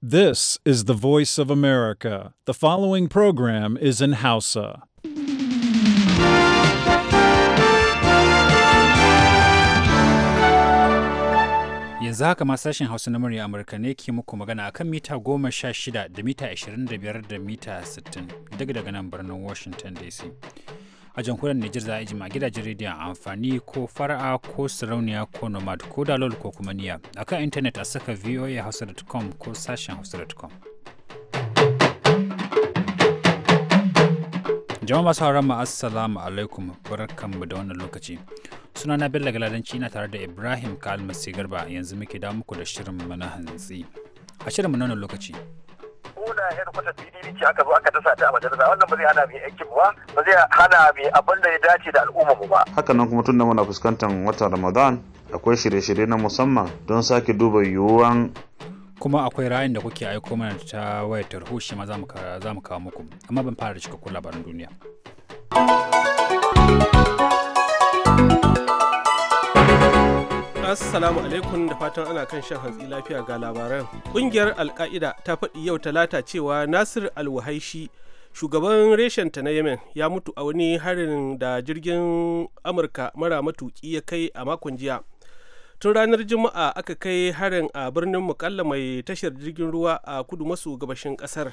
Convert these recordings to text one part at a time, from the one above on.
This is the voice of America. The following program is in Hausa. Yanzu haka ma sashen Hausa na murya Amurka ne ke muku magana akan mita goma sha shida da mita ashirin da biyar da mita sittin daga daga nan birnin Washington DC. a jamhuriyar Nijar za a ji gidajen rediyon amfani ko fara'a ko sarauniya ko nomad ko dalol ko kuma niya a kan intanet a saka voahouse.com ko sashen hausa.com. jama'a masu hauran mu assalamu alaikum mu da wannan lokaci suna na bello galadanci ina tare da ibrahim kalmasi garba yanzu muke da muku da shirin mana hantsi a shirin mu na wannan lokaci da kwata PDP ce aka zo aka dasa ta a majalisa wannan ba zai hana mai aikin ba ba zai hana mai abin da ya dace da al'umma mu ba haka nan kuma tunda muna fuskantar watan Ramadan akwai shirye-shirye na musamman don sake duba yiwuwan kuma akwai rayin da kuke aiko mana ta wayar tarho shi ma za mu kawo muku amma ban fara da cikakkun labaran duniya. Assalamu alaikum da fatan ana kan shan hantsi lafiya ga labaran. Kungiyar Alka'ida ta faɗi yau talata cewa Nasir Alwahaishi shugaban reshenta na Yemen ya mutu a wani harin da jirgin Amurka mara matuki ya kai a makon jiya. Tun ranar Juma'a aka kai harin a birnin Mukalla mai tashar jirgin ruwa a kudu maso gabashin ƙasar.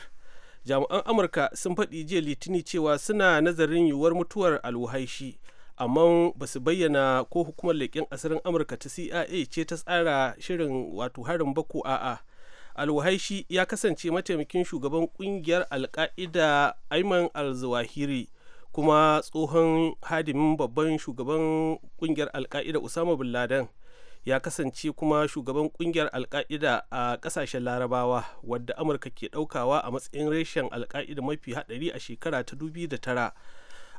Jami'an Amurka sun faɗi jiya Litini cewa suna nazarin yiwuwar mutuwar Alwahaishi. amma ba su bayyana ko hukumar leƙen asirin amurka ta cia ce ta tsara shirin wato harin bako a'a alwahaishi ya kasance mataimakin shugaban kungiyar alka'ida aiman alzawahiri kuma tsohon hadimin babban shugaban kungiyar alka'ida usama bin laden ya kasance kuma shugaban kungiyar alka'ida a kasashen larabawa wadda amurka ke daukawa a matsayin reshen alka'ida mafi hadari a shekara ta 2009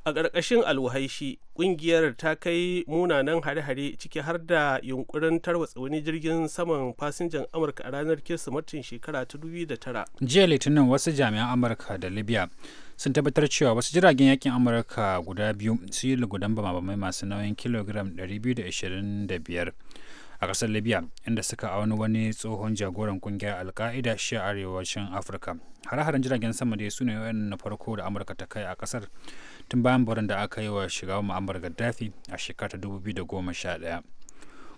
a ƙarƙashin alwahaishi ƙungiyar ta kai munanan hare-hare ciki har da yunkurin tarwatsa wani jirgin saman fasinjan amurka a ranar kirsimatin shekara ta 2009 jiya litinin wasu jami'an amurka da libya sun tabbatar cewa wasu jiragen yakin amurka guda biyu su yi lugudan bamabamai masu nauyin kilogram 225 a ƙasar libya inda suka auni wani tsohon jagoran ƙungiyar alka'ida shi arewacin afirka hare-haren jiragen sama dai su ne na farko da amurka ta kai a ƙasar tun bayan barin da aka yi wa shiga ma'amar gaddafi a shekara 2011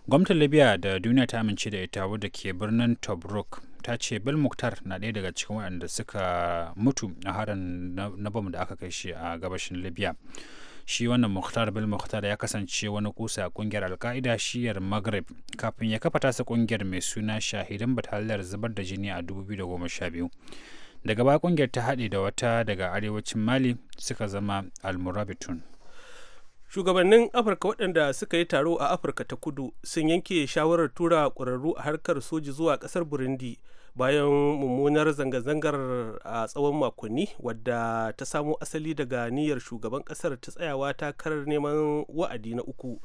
gwamnatin libya da duniya ta amince da ita wadda ke birnin tobruk ta ce bil muktar na ɗaya daga cikin waɗanda suka mutu a harin na bom da aka kai shi a gabashin libya shi wannan muktar Bil muktar ya kasance wani kusa a kungiyar Al-Qaida shiyar Maghrib kafin ya kafa tasa kungiyar mai suna Shahidan Batalar zubar da jini a 2012. daga baya kungiyar ta haɗe da wata daga arewacin mali suka zama almurabitun shugabannin afirka waɗanda suka yi taro a afirka ta kudu sun yanke shawarar tura ƙwararru a harkar soji zuwa ƙasar burundi bayan mummunar zanga-zangar a tsawon makonni wadda ta samo asali daga niyyar shugaban ƙasar ta tsayawa takarar neman wa'adi na uku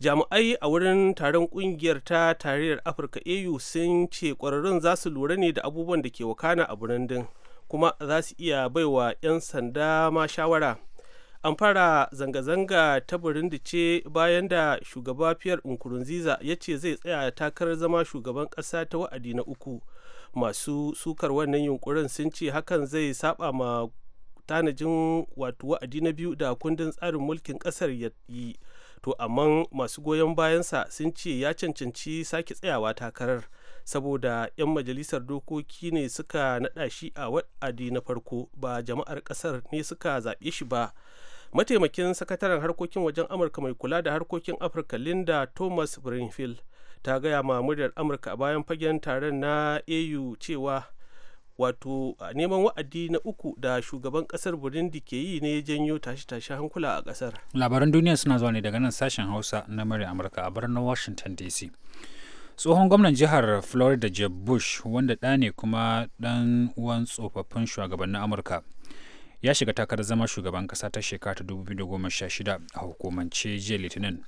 jami'ai a wurin taron kungiyar ta tarayyar afirka au sun ce kwararrun za su lura ne da abubuwan da ke wakana a burundin kuma za su iya baiwa 'yan sanda ma shawara an fara zanga-zanga ta burundi ce bayan da shugaba fiyar nkurunziza ya ce zai tsaya takarar zama shugaban ƙasa ta wa'adi na uku masu sukar wannan yunkurin sun ce hakan zai saba ma tanajin wato wa'adi na biyu da kundin tsarin mulkin ƙasar ya yi to amma masu goyon bayansa sun ce ya cancanci sake tsayawa takarar saboda 'yan majalisar dokoki ne suka naɗa shi a wa'adi na farko ba jama'ar ƙasar ne suka zaɓe shi ba mataimakin sakataren harkokin wajen amurka mai kula da harkokin afirka linda thomas greenfield ta gaya ma muryar amurka bayan fagen taron na au cewa wato neman wa'adi na uku da shugaban kasar burundi ke yi ne janyo tashe tashi hankula a kasar labaran duniya suna zuwa ne daga nan sashen hausa na murya amurka a birnin washington dc tsohon gwamnan jihar florida jeb bush wanda ɗa ne kuma ɗan uwan tsofaffin shugabannin amurka ya shiga takarar zama shugaban kasa ta shekara ta 2016 a hukumance jiya litinin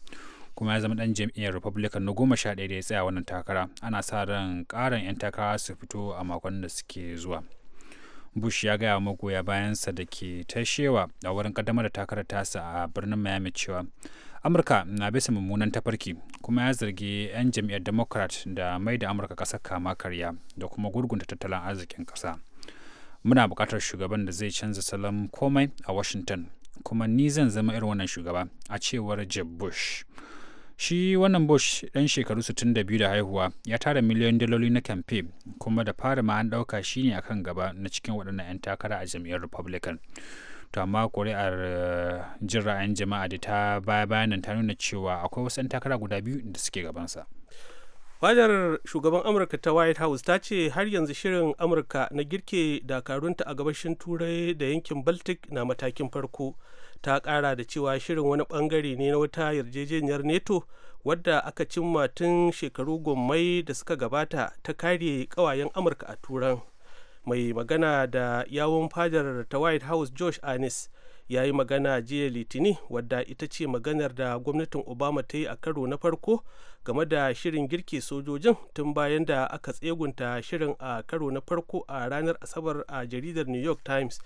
kuma ya zama dan jam'iyyar republican na goma sha ɗaya da ya tsaya wannan takara ana sa ran ƙarin 'yan takara su fito a makon da suke zuwa bush ya gaya magoya bayansa da ke tashewa a wurin kaddamar da takarar tasa a birnin miami cewa amurka na bisa mummunan tafarki kuma ya zargi 'yan jam'iyyar democrat da mai da amurka kasa kama karya da kuma gurgunta tattalin arzikin ƙasa muna buƙatar shugaban da zai canza salon komai a washington kuma ni zan zama irin wannan shugaba a cewar jeb bush shi wannan bush ɗan shekaru 62 da haihuwa ya tara miliyan daloli na kamfe kuma da fara ma an ɗauka shi ne akan gaba na cikin waɗannan 'yan takara a jam'iyyar republican to amma kuri'ar eh, jin ra'ayin jama'a da ta baya bayanan ta nuna cewa akwai wasu 'yan takara guda biyu da suke gabansa fadar shugaban amurka ta white house ta ce har yanzu shirin amurka na girke dakarunta a gabashin turai da yankin baltic na matakin farko ta kara da cewa shirin wani bangare ne na wata yarjejeniyar neto wadda aka cimma tun shekaru gwammai da suka gabata ta kare kawayen amurka a turan mai magana da yawon fadar ta white house josh anis ya yi magana jiya litini wadda ita ce maganar da gwamnatin obama ta yi a karo na farko game da shirin girke sojojin tun bayan da aka tsegunta shirin a karo na farko a ranar asabar a jaridar new york times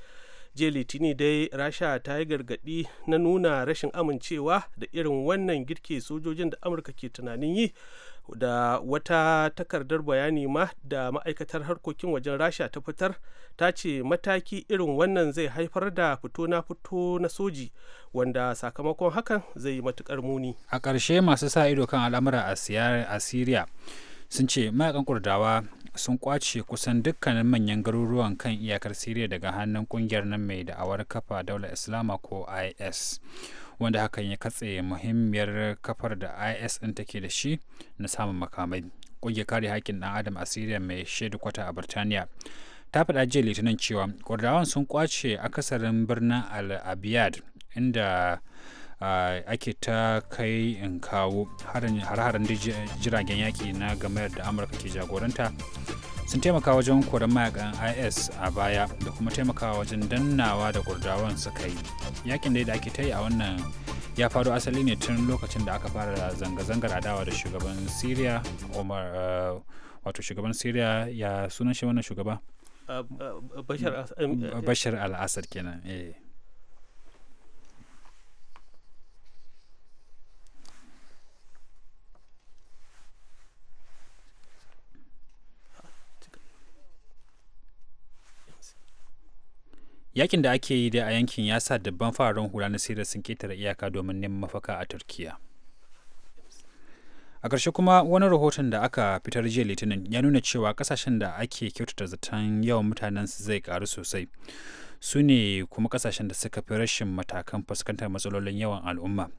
jiya litini dai rasha ta yi gargaɗi na nuna rashin amincewa da irin wannan girke sojojin da amurka ke tunanin yi da wata takardar bayani ma da ma'aikatar harkokin wajen rasha ta fitar ta ce mataki irin wannan zai haifar da fito na fito na soji wanda sakamakon hakan zai matukar muni a ƙarshe masu sa ido kan al'amura a siriya sun ce mayakan kurdawa sun kwace kusan dukkanin manyan garuruwan kan iyakar siriya daga hannun kungiyar nan mai da'awar kafa daular islama ko is wanda hakan ya katse muhimmiyar kafar da is ɗin take da shi na samun makamai kungiyar kare haƙƙin ɗan adam a siriya mai shaidu kwata a birtaniya ta faɗa jiya litinin cewa kurdawan sun kwace akasarin birnin al-abiyad inda ake ta kai in kawo har-haren jiragen yaƙi na gamayar da amurka ke jagoranta sun taimaka wajen koran mayakan is a baya da kuma taimaka wajen dannawa da gurdawan suka yi yakin da ake ta yi a wannan ya faru asali ne tun lokacin da aka fara zanga-zangar adawa da shugaban syria omar wato shugaban syria ya sunan shi wannan shugaba bashar al kenan eh. yakin da ake yi da a yankin ya sa dabban fararen hula na sirri sun ketare iyaka domin neman mafaka a turkiya a ƙarshe kuma wani rahoton da aka fitar jiya litinin ya nuna cewa kasashen da ake kyautata zaton yawan mutanen su zai ƙaru sosai su ne kuma kasashen da suka fi rashin matakan fuskantar matsalolin yawan al'umma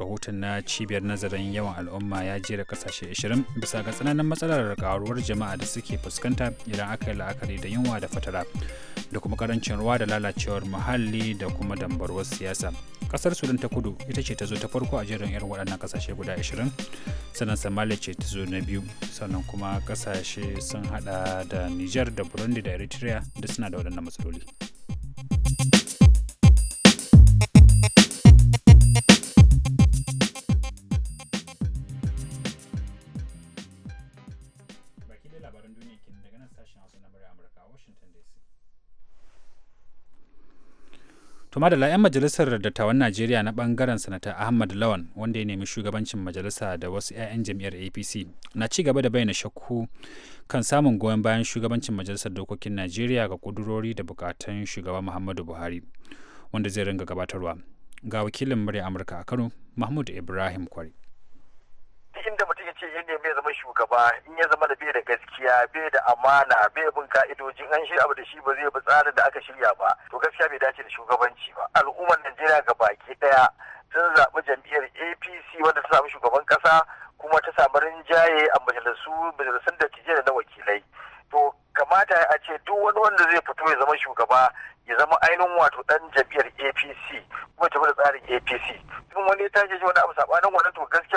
rahoton na cibiyar nazarin yawan al'umma ya jera kasashe 20 bisa ga tsananin matsalar karuwar jama'a da suke fuskanta idan aka yi la'akari da yunwa da fatara da kuma karancin ruwa da lalacewar muhalli da kuma dambarwar siyasa kasar sudan ta kudu ita ce ta zo ta farko a jerin irin waɗannan kasashe guda 20 sannan somalia ce ta zo na biyu sannan kuma kasashe sun hada da niger da burundi da eritrea da suna da waɗannan matsaloli sashen hausa na murya amurka tuma da majalisar dattawan najeriya na bangaren sanata ahmad lawan wanda ya nemi shugabancin majalisa da wasu 'ya'yan jam'iyyar apc na ci gaba da bayyana shakku kan samun goyon bayan shugabancin majalisar dokokin najeriya ga kudurori da bukatun shugaba muhammadu buhari wanda zai ringa gabatarwa ga wakilin murya amurka a kano mahmud ibrahim kwari ce ya nemi ya zama shugaba in ya zama da bai da gaskiya bai da amana bai bin ka'idoji an shirya abu da shi ba zai bi tsarin da aka shirya ba to gaskiya bai dace da shugabanci ba al'ummar najeriya ga baki daya sun zaɓi jam'iyyar apc wanda ta samu shugaban ƙasa kuma ta samu rinjaye a majalisu majalisun da da na wakilai to kamata a ce duk wani wanda zai fito ya zama shugaba ya zama ainihin wato dan jam'iyyar apc kuma tafi da tsarin apc in wani ya shi wani abu saɓanin wannan to gaskiya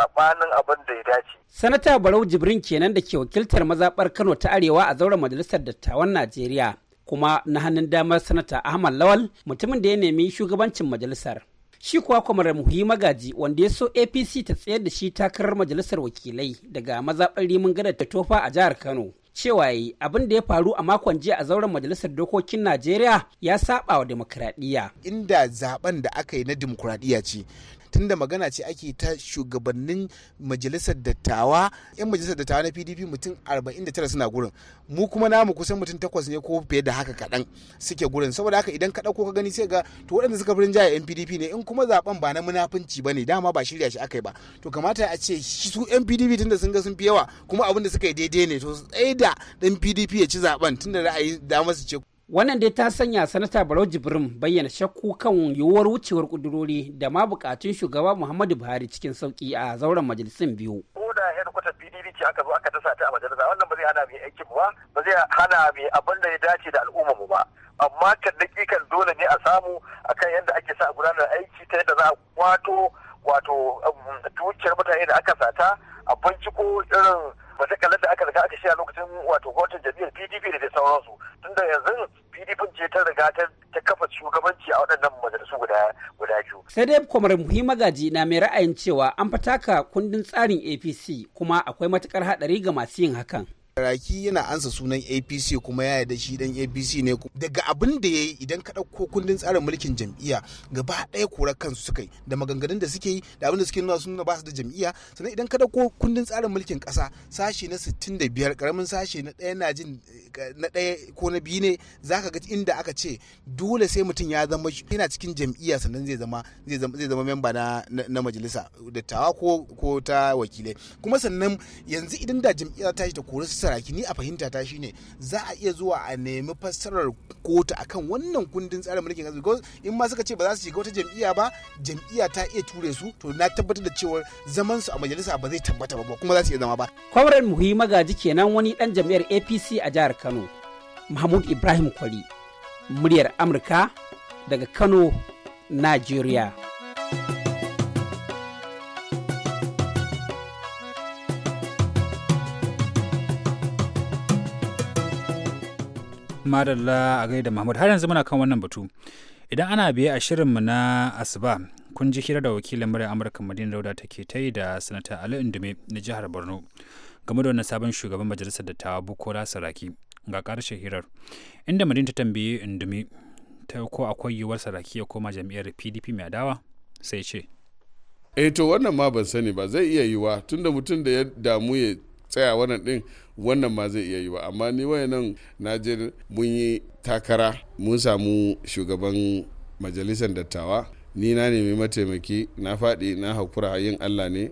sabanin abin da ya dace. Sanata Barau Jibrin kenan da ke wakiltar mazaɓar Kano ta Arewa a zauren Majalisar Dattawan Najeriya kuma na hannun damar Sanata Ahmad Lawal mutumin da ya nemi shugabancin majalisar. Shi kuwa kwamarar muhi magaji wanda ya so APC ta tsayar da shi takarar majalisar wakilai daga mazaɓar rimin gadar ta tofa a jihar Kano. cewa yi abin da ya faru a makon jiya a zauren majalisar dokokin najeriya ya saɓa wa demokuraɗiyya. inda zaben da aka yi na demokuraɗiyya ce tunda magana ce ake ta shugabannin majalisar dattawa yan majalisar dattawa na pdp mutum 49 suna gurin mu kuma namu kusan mutum takwas ne ko fiye da haka kaɗan suke gurin saboda haka idan ka ɗauko ka gani sai ga to waɗanda suka fi rinjaye yan pdp ne in kuma zaben ba na munafunci ba ne dama ba shirya shi aka yi ba to kamata a ce su yan pdp tunda sun ga sun fi yawa kuma abin da suka yi daidai ne to tsaye da ɗan pdp ya ci zaben tunda ra'ayi damar su ce wannan dai ta sanya sanata barau jibrin bayyana shakku kan yiwuwar wucewar kudurori da ma bukatun shugaba muhammadu buhari cikin sauki a zauren majalisun biyu ko da pdp ce aka zo aka dasa ta a majalisa wannan ba zai hana mai aikin ba ba zai hana mai abin da ya dace da al'umma mu ba amma kan dole ne a samu akan yadda ake sa gudanar aiki ta yadda za a kwato wato um, dukiyar mutane da aka sata a binciko irin matakalar da aka riga aka a lokacin wato gwamnatin jam'iyyar pdp da dai sauransu tunda yanzu pdp ce ta riga ta kafa shugabanci a waɗannan majalisu guda guda biyu. sai dai kwamar muhimmi magaji na mai ra'ayin cewa an fataka kundin tsarin apc kuma akwai matukar haɗari ga masu yin hakan. Raki yana ansa sunan APC kuma ya yarda shi dan APC ne daga abin da ya yi idan ka ɗauko kundin tsarin mulkin jam'iyya gaba ɗaya korar kansu suka yi da maganganun da suke yi da abin da suke nuna sun ba su da jam'iyya sannan idan ka ɗauko kundin tsarin mulkin ƙasa sashe na 65 karamin sashe na ɗaya na jin na ɗaya ko na biyu ne zaka ga inda aka ce dole sai mutum ya zama yana cikin jam'iyya sannan zai zama zai zama zai zama memba na na majalisa dattawa ko ko ta wakilai kuma sannan yanzu idan da jam'iyya ta shi ta kori fassara ki ni a fahimta ta shine za a iya zuwa a nemi fassarar kotu akan wannan kundin tsarin mulkin kasa in ma suka ce ba za su shiga wata jam'iyya ba jam'iyya ta iya ture su to na tabbatar da cewa zaman su a majalisa ba zai tabbata ba kuma za su iya zama ba kwamran muhi magaji kenan wani dan jam'iyyar APC a jihar Kano Mahmud Ibrahim Kwari muryar Amurka daga Kano Najeriya. Madalla a gaida Mahmud har yanzu muna kan wannan batu. Idan ana biye a shirinmu na Asuba, kun ji hira da wakilin murya Amurka Madina Dauda take ta yi da Sanata Ali Indume na jihar Borno game da wannan sabon shugaban majalisar dattawa Bukola Saraki. Ga karshe hirar, inda Madina ta tambaye Indume ta ko akwai yiwuwar Saraki ya koma jam'iyyar PDP mai adawa sai ce. Eh to wannan ma ban sani ba zai iya yiwa tunda mutum da ya damu ya tsaya wannan din wannan ma zai iya yi ba amma ni wayannan na je mun yi takara mun samu shugaban majalisar dattawa ni na nemi mataimaki na faɗi na haƙura yin allah ne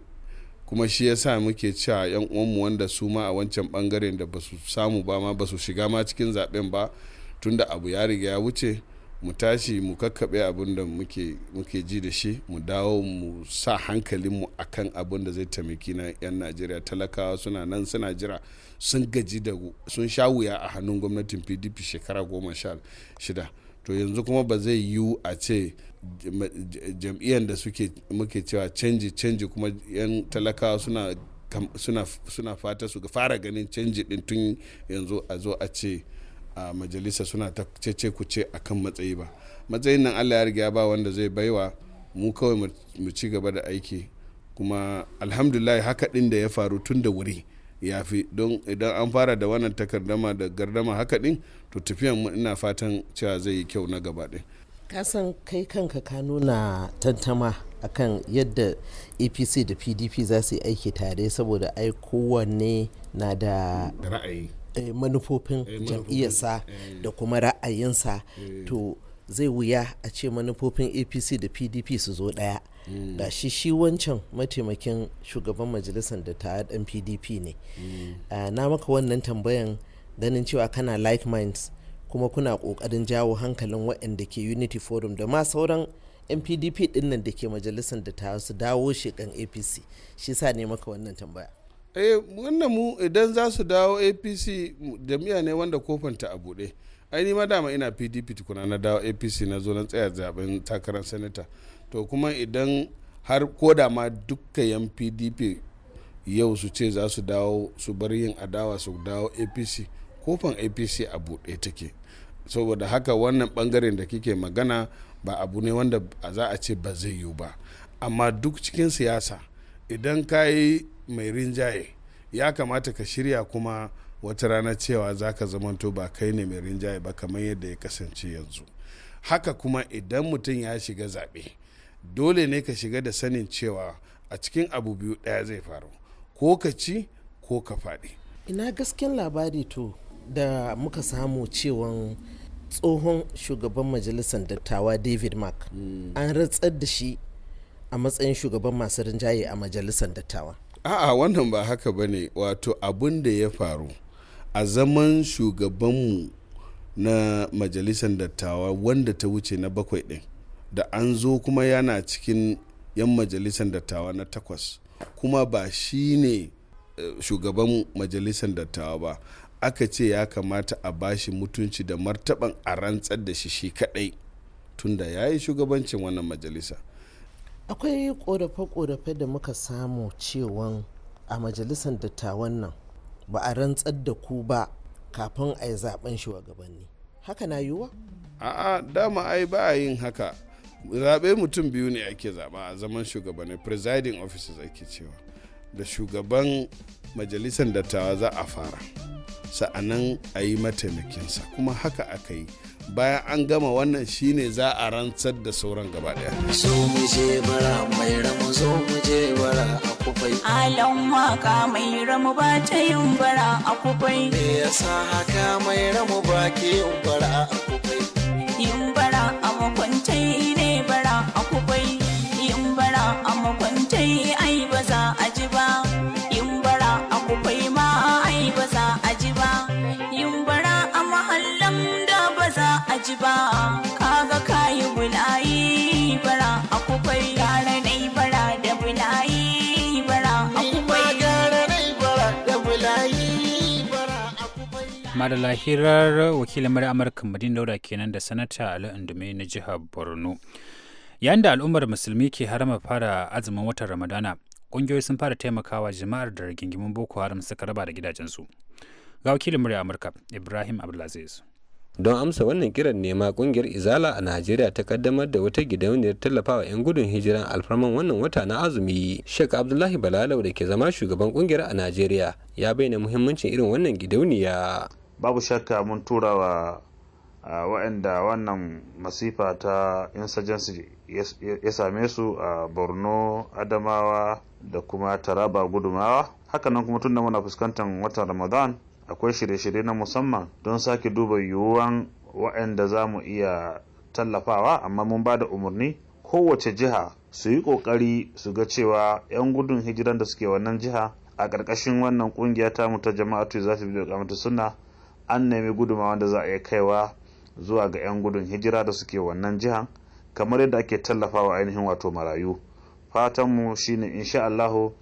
kuma shi ya sa muke cewa yan uwanmu wanda su ma a wancan bangaren da ba su samu ba ma ba su shiga ma cikin zaben ba tunda abu ya riga ya wuce mu tashi mu kakkaɓe abin da muke ji da shi mu dawo mu sa hankalinmu a kan abin da zai taimaki na 'yan najeriya talakawa suna nan suna jira sun gaji da sun sha wuya a hannun gwamnatin pdp shekara goma sha shida to yanzu kuma ba zai yiwu a ce jam'iyyar da suke muke cewa canji canji kuma 'yan talakawa suna suna fata su fara ganin canji din tun yanzu a zo a ce a majalisa suna ta cece ku ce a kan matsayi ba matsayin nan allah ya riga ba wanda zai baiwa mu kawai mu ci gaba da aiki kuma alhamdulillah haka din da ya faru tun da wuri ya fi don idan an fara da wannan takardama da gardama haka din to tafiyan mu ina fatan cewa zai yi kyau na gaba din ka san kai kanka ka nuna tantama akan yadda apc da pdp za su yi aiki tare saboda ai kowanne na da ra'ayi Eh, eh, manufofin jam'iyyarsa eh. da kuma ra'ayinsa to zai wuya a ce manufofin apc da pdp su zo daya hmm. ga shi shi wancan mataimakin shugaban majalisar da ta dan pdp ne hmm. ah, na maka wannan tambayan ganin cewa kana like minds kuma kuna kokarin jawo hankalin waɗanda ke unity forum da ma sauran npdp ɗinnan da ke majalisar da ta su dawo shekan apc shi sa ne maka wannan tambaya eh wannan mu idan za su dawo apc jami'a ne wanda kofanta a buɗe ainihin ma dama ina pdp tukuna na dawo apc na zo na tsaya zaben takarar sanata to kuma idan har ko da ma dukkan yan pdp yau su ce za su dawo su bar yin adawa su dawo apc kofan apc a buɗe take saboda haka wannan bangaren da kike magana ba abu ne wanda za a ce ba zai yiwu ba amma duk cikin siyasa idan ka yi mai rinjaye ya kamata ka shirya kuma wata rana cewa za ka zamanto ba kai ne mai rinjaye ba kamar yadda ya kasance yanzu haka kuma idan mutum ya shiga zaɓe dole ne ka shiga da sanin cewa a cikin abu biyu ɗaya zai faru ko ka ci ko ka faɗi ina gasken labari to da muka samu cewan tsohon shugaban majalisar dattawa david mark hmm. an ratsar da shi a matsayin shugaban masu rinjaye a majalisar dattawa a'a wannan ba haka ba ne wato abin da ya faru a zaman shugabanmu na majalisar dattawa wanda ta wuce na bakwai ɗin da an zo kuma yana cikin 'yan majalisar dattawa na takwas kuma ba shi ne eh, shugaban majalisar dattawa ba aka ce ya kamata a bashi mutunci da martaban a rantsar da shi shi kadai tunda ya yi shugabancin wannan majalisa akwai korafe-korafe da muka samu cewan a majalisar dattawan nan ba a rantsar da ku ba kafin a yi zaben shugabanni haka na yiwuwa a'a dama ai ba a yin haka zaɓe mutum biyu ne ake zaɓa a zaman shugabanni presiding officers ake cewa da shugaban majalisar dattawa za a fara sa'anan a yi mataimakinsa kuma haka aka yi bayan an gama wannan shine za a rantsar da sauran gaba daya. So mu je bara mai ramu so mu je bara a kufai. Alan waka mai ramu ba ta yin bara a kufai. Me yasa haka mai ramu ba ke yin bara a kufai. Yin bara a makwantai ne bara. a makwantai ai ba za a ji ba yin bara a kufai ma ai ba za a ji ba yin bara a mahallan da ba za a ji ba kaga kayi bulayi bara a kufai gara nai bara da bulayi bara a kufai gara nai bara da bulayi Madala hirar wakilin mara Amurka Madina Dauda kenan da Sanata Ali indomi na jihar Borno. yayin da al'ummar musulmi ke harama fara azumin watan ramadana ƙungiyoyi sun fara taimakawa jama'ar da rigingimin boko haram suka raba da gidajensu ga wakilin murya amurka ibrahim abdulaziz don amsa wannan kiran nema kungiyar izala a najeriya ta kaddamar da wata gidauniyar tallafawa 'yan gudun hijiran alfarman wannan wata na azumi shek abdullahi balalau da ke zama shugaban kungiyar a najeriya ya bayyana muhimmancin irin wannan gidauniya babu shakka mun tura wa wannan masifa ta insurgency ya same su a borno adamawa da kuma taraba gudumawa hakanan kuma tunda muna fuskantar watan ramadan akwai shirye-shirye na musamman don sake duba yiwuwan wa'anda za mu iya tallafawa amma mun ba da umarni kowace jiha su yi ƙoƙari su ga cewa 'yan gudun hijiran da suke wannan jiha a ƙarƙashin wannan ƙungiya ta mu ta jama'atu za su biyo kamata suna an nemi gudumawa da za a iya kaiwa zuwa ga 'yan gudun hijira da suke wannan jihan kamar yadda ake tallafawa ainihin wato marayu fatanmu shine insha Allahu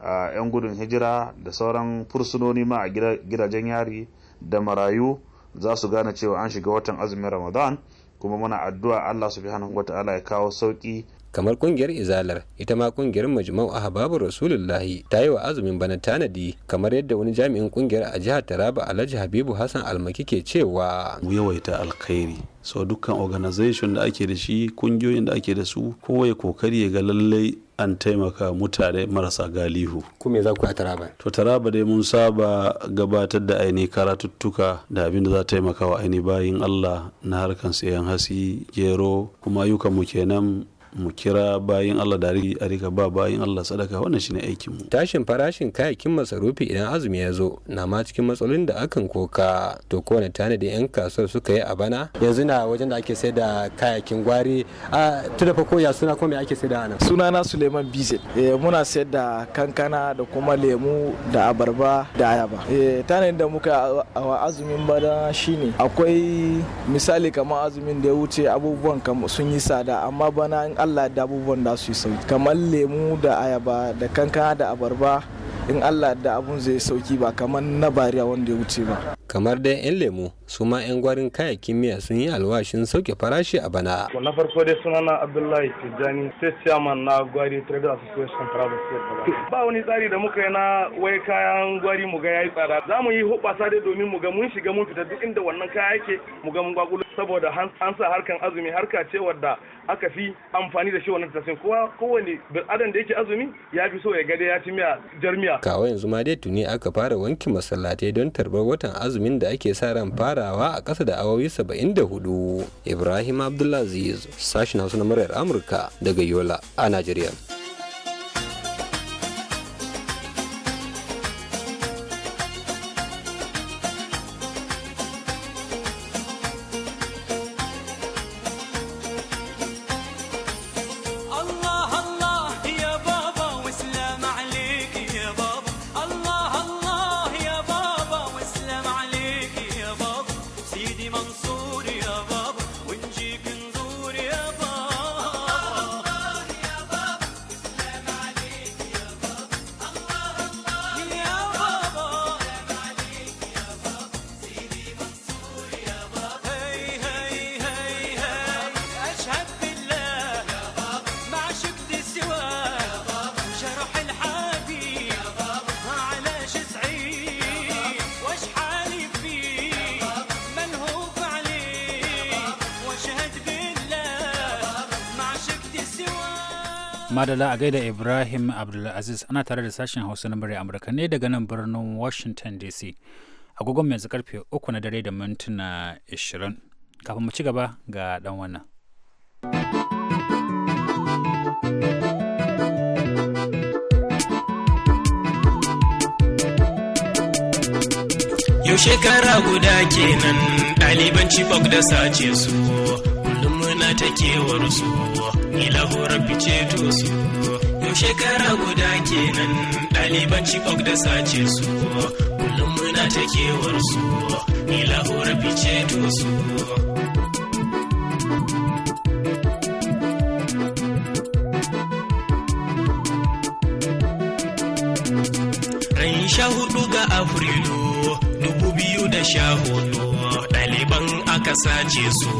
a 'yan gudun hijira da sauran fursunoni ma a gidajen yari da marayu za su gane cewa an shiga watan azumin ramadan kuma muna addu'a Allah subhanahu ta'ala ya kawo sauki kamar kungiyar izalar ita ma kungiyar majmau ahbabu rasulullahi ta yi wa azumin bana tanadi kamar yadda wani jami'in kungiyar a jihar taraba alhaji habibu hassan almaki ke cewa mu yawaita alkhairi sau dukkan organization da ake da shi kungiyoyin da ake da su kowa ya kokari ya ga lallai an taimaka mutane marasa galihu. Kuma za ku a Taraba? To Taraba dai mun saba gabatar da aini karatuttuka da abin da za taimaka wa aini bayin Allah na harkan sayan hasi, gero, kuma ayyukanmu kenan mu kira bayan Allah da a rika ba bayan Allah sadaka wannan shine aikin mu tashin farashin kayayyakin masarufi idan azumi ya zo na ma cikin matsalolin da akan koka to kowane tanadi yan kasuwar suka yi a bana yanzu na wajen da ake sai da kayayyakin gwari a tunda fa ya suna ko me ake sai da suna sunana Suleiman Bize eh, muna sayar da kankana da kuma lemu da abarba da ayaba eh tanadin da muka a azumin bana shine akwai misali kamar azumin da ya wuce abubuwan sun yi tsada amma bana allah da abubuwan da su yi sauki kamar lemu da ayaba da kankana da abarba in allah da abun zai sauki ba kamar na bariya wanda ya wuce ba kamar dai 'yan lemu su ma 'yan gwarin kaya kimiyya sun yi alwashin sauke farashi a bana. na farko dai sunana abdullahi tijjani sai chairman na gwari trade association travel state ba wani tsari da muka yi na wai kayan gwari mu ga yayi tsada za mu yi hubasa dai domin mu ga mun shiga mun fita duk inda wannan kaya yake mu ga mun gwagulu saboda an sa harkan azumi harka ce wadda aka fi amfani da shi wannan tasirin kowa kowane adam da yake azumi ya fi so ya ga dai ya ci miya jarmiya kawai yanzu ma dai tuni aka fara wanki masallatai don tarbar watan azumin da ake sa ran fara farawa a ƙasa da awowi 74 ibrahim abdulaziz sashen hausa na muryar amurka daga yola a najeriya Madala a gaida Ibrahim Abdulaziz ana tare da sashen Hausa na murya Amurka ne daga nan birnin Washington DC. Agogon yanzu karfe uku na dare da mintuna 20. Kafin mu ci gaba ga dan wannan. Yau shekara guda kenan ɗaliban Chibok da sace su. na ta kewar su ni lahorar fice to su yau shekara guda kenan ɗaliban ok da sace su kullum muna ta kewar su ni lahorar fice to su sha hudu ga afrilu dubu biyu da sha hudu ɗaliban aka sace su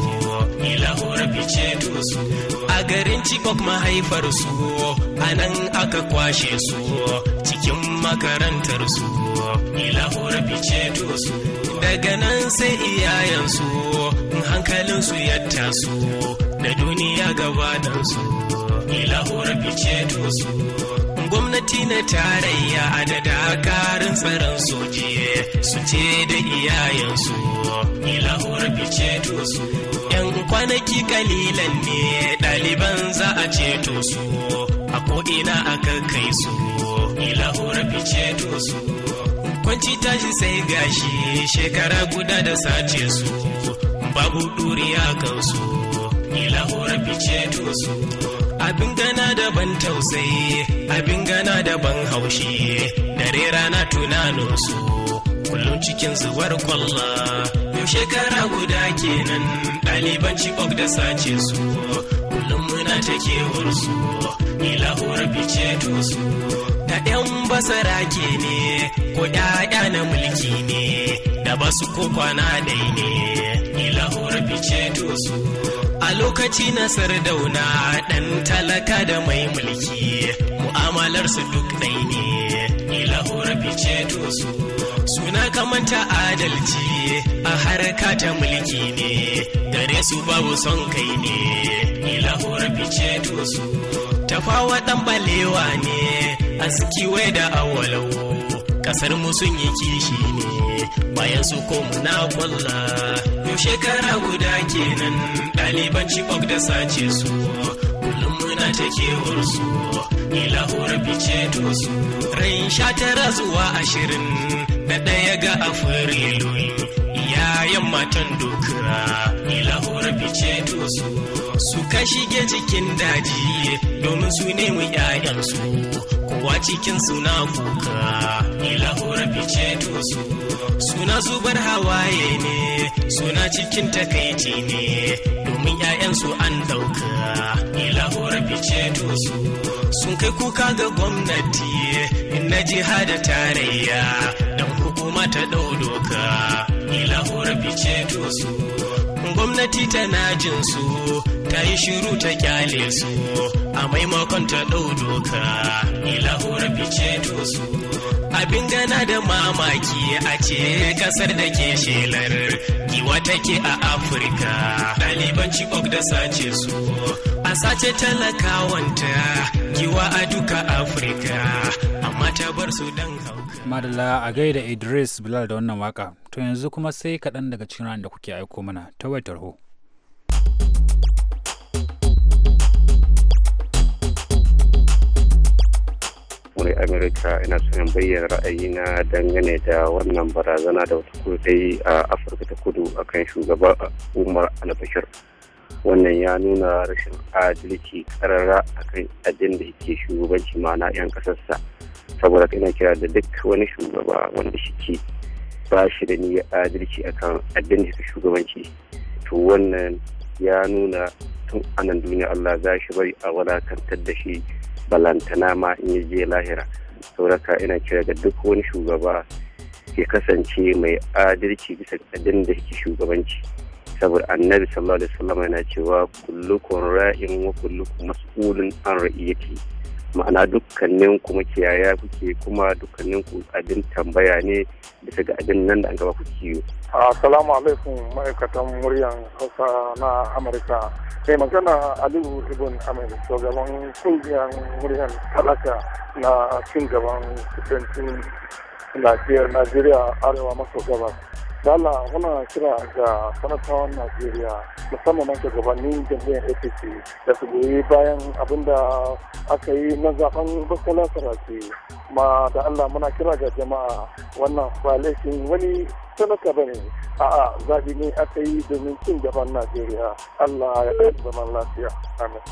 ni fice su a garin chibok mahaifar su a nan aka kwashe su cikin makarantar su ni fice su daga nan sai iyayensu hankalin su ya su. da duniya su. ni lahore fice su gwamnati na tarayya a da dakarun tsaron su ce da iyayensu Ila fice su 'yan kwanaki kalilan ne ɗaliban za a ceto su a ko'ina aka kai su ilahura fi ceto su kwanci tashi sai gashi shekara guda da sace su babu ɗuri ɗuriya kansu ilahura fi ceto su abin gana da ban tausayi abin gana da ban haushi dare rana tunanin su kullum cikin zuwar kwallon shekara guda kenan ɗaliban chibok da sace su kullum muna ta kewar su ni lahorar bice to su da yan basara ke ne ko ƴaƴa na mulki ne da ba su ko kwana dai ne ni lahorar bice to su a lokaci na sardauna ɗan talaka da mai mulki mu'amalar su duk ɗai ne ni lahorar bice to su suna kamanta adalci a harka ta mulki ne Dare su babu son kai ne ilahu rabbi to su tafawa dan balewa ne aski wai da awalau kasar mu sun yi kishi ne bayan su ko na kwalla yau shekara guda kenan ɗaliban cibok da sace su kullum muna ta kewar su ilahu rabbi to su rain sha tara zuwa ashirin da ɗaya ga ya yayan matan dokira ilahura fice su ka shige cikin daji domin su nemi 'ya'yansu kowa cikin suna kuka ilahura fice su suna zubar hawaye ne suna cikin takaici ne domin 'ya'yansu an dauka ilahura fice su sun kai kuka ga gwamnati na jiha da tarayya mata ɗau doka ila fice to su gwamnati tana jin su ta yi shiru ta kyale su a maimakon ta ɗau doka ila fice to su abin gana da mamaki a ce kasar da ke shelar giwa take a afirka ɗalibanci chibok da sace su a sace talakawanta giwa a duka afirka amma ta bar su don hau madalla a gaida idris bilal da wannan waka to yanzu kuma sai kaɗan daga cikin ran da kuke aiko mana ta waitar ho wani amerika ina son bayyana ra'ayi na dangane da wannan barazana da wata kudai a afirka ta kudu akan shugaba umar albashir wannan ya nuna rashin adalci karara akan ajin da yake shugabanci ma na 'yan kasarsa saboda ina kira da duk wani shugaba wanda shi ba shi da ni adalci akan addinin da shugabanci to wannan ya nuna tun anan duniya Allah za shi bari a walakantar da shi balantana ma in ya je lahira ka ina kira da duk wani shugaba ya kasance mai adalci bisa addinin da shi shugabanci saboda annabi sallallahu alaihi wasallam yana cewa kullukum ra'in wa kullukum mas'ulun an ra'iyati ma'ana dukkanin kuma kiyaya kuke kuma dukkanin ku abin tambaya ne bisa ga abin nan da an gaba ku kiyo. Assalamu alaikum ma'aikatan muryan Hausa na Amurka. kai magana Aliyu Ibn Amir, shugaban kungiyar muryan talaka na cin gaban kudancin lafiyar Najeriya Arewa maso gabas. Dala muna kira ga sanatawan Najeriya musamman da gabanin jam'iyyar APC da su goyi bayan abin da aka yi na zaben Bukola Ma da Allah muna kira ga jama'a wannan ba wani sanata ba ne. A'a zaɓi ne aka yi domin cin gaban Najeriya. Allah ya kai zaman lafiya. Amin.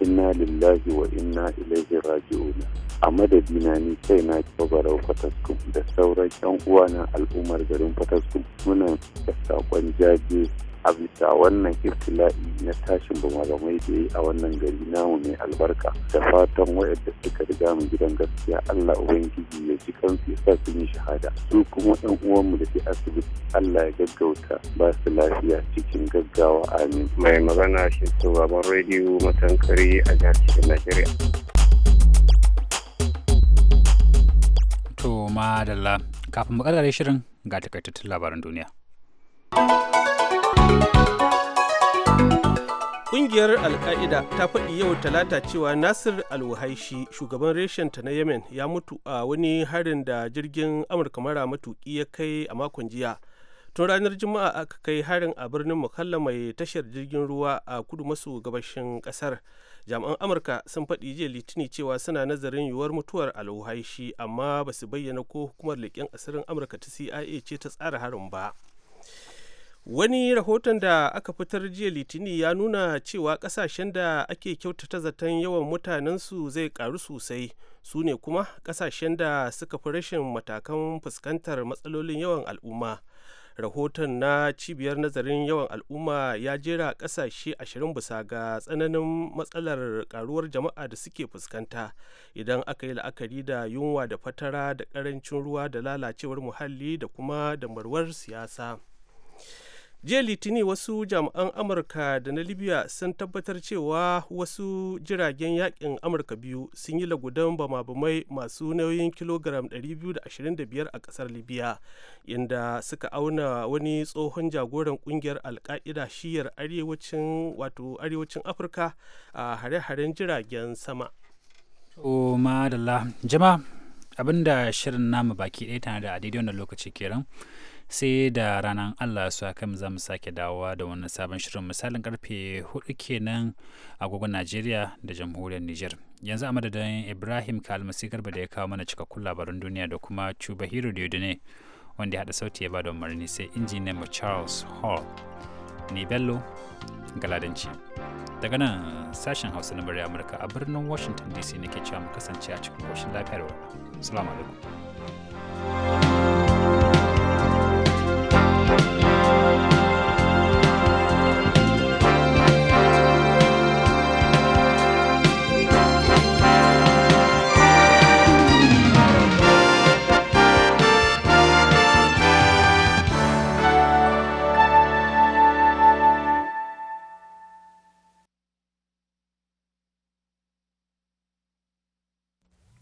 inna lillahi wa inna ilaihi raji'un a madadina ni kai na barau fataskum da sauran yan uwa na al'ummar garin fataskum muna da sakon jaje a bisa wannan iftila'i na tashin bamabamai da yi a wannan gari namu mai albarka da fatan waɗanda suka riga mu gidan gaskiya Allah ubangiji ya ji kansu ya sa su yi shahada su kuma ɗan uwanmu da ke asibiti Allah ya gaggauta ba su lafiya cikin gaggawa amin mai magana shi shugaban rediyo matankari a jihar cikin Najeriya. To madalla kafin mu shirin ga takaitattun labaran duniya. Ƙungiyar al ta faɗi yau talata cewa Nasir Al-Wuhaishi, shugaban reshenta na Yemen, ya mutu a wani harin da jirgin Amurka mara matuƙi ya kai a makon jiya. Tun ranar Juma'a aka kai harin a birnin Mukalla mai tashar jirgin ruwa a kudu maso gabashin ƙasar. Jami'an Amurka sun faɗi jiya Litini cewa suna nazarin yiwuwar mutuwar al amma ba su bayyana ko hukumar leƙen asirin Amurka ta CIA ce ta tsara harin ba. wani rahoton da aka fitar jiya litini ya nuna cewa kasashen da ake kyautata zaton yawan mutanensu zai karu sosai su ne kuma kasashen da suka fi rashin matakan fuskantar matsalolin yawan al'umma rahoton na cibiyar nazarin yawan al'umma ya jera kasashe ashirin bisa ga tsananin matsalar karuwar jama'a da suke fuskanta idan aka yi la'akari da yunwa da fatara da karancin ruwa da lalacewar muhalli da kuma damarwar siyasa jiya litinin wasu jami'an amurka da na libya sun tabbatar cewa wasu jiragen yakin amurka biyu sun yi lagudan bama-bamai masu nauyin kilogram 225 a kasar libya inda suka auna wani tsohon jagoran kungiyar alka'ida shiyar arewacin wato afirka a hare-haren jiragen sama abinda shirin namu baki ɗaya tana da a wannan kenan sai da ranar allah su haka za mu sake dawowa da wani sabon shirin misalin karfe hudu kenan agogon najeriya da jamhuriyar nijar yanzu a madadin ibrahim kalmasi garba da ya kawo mana cikakkun labarin duniya da kuma cuba hero ne wanda ya haɗa sauti ya ba da umarni sai injiniyan mu charles hall ni bello galadanci daga nan sashen hausa na murya amurka a birnin washington dc nake cewa mu kasance a cikin koshin lafiyar wa salamu alaikum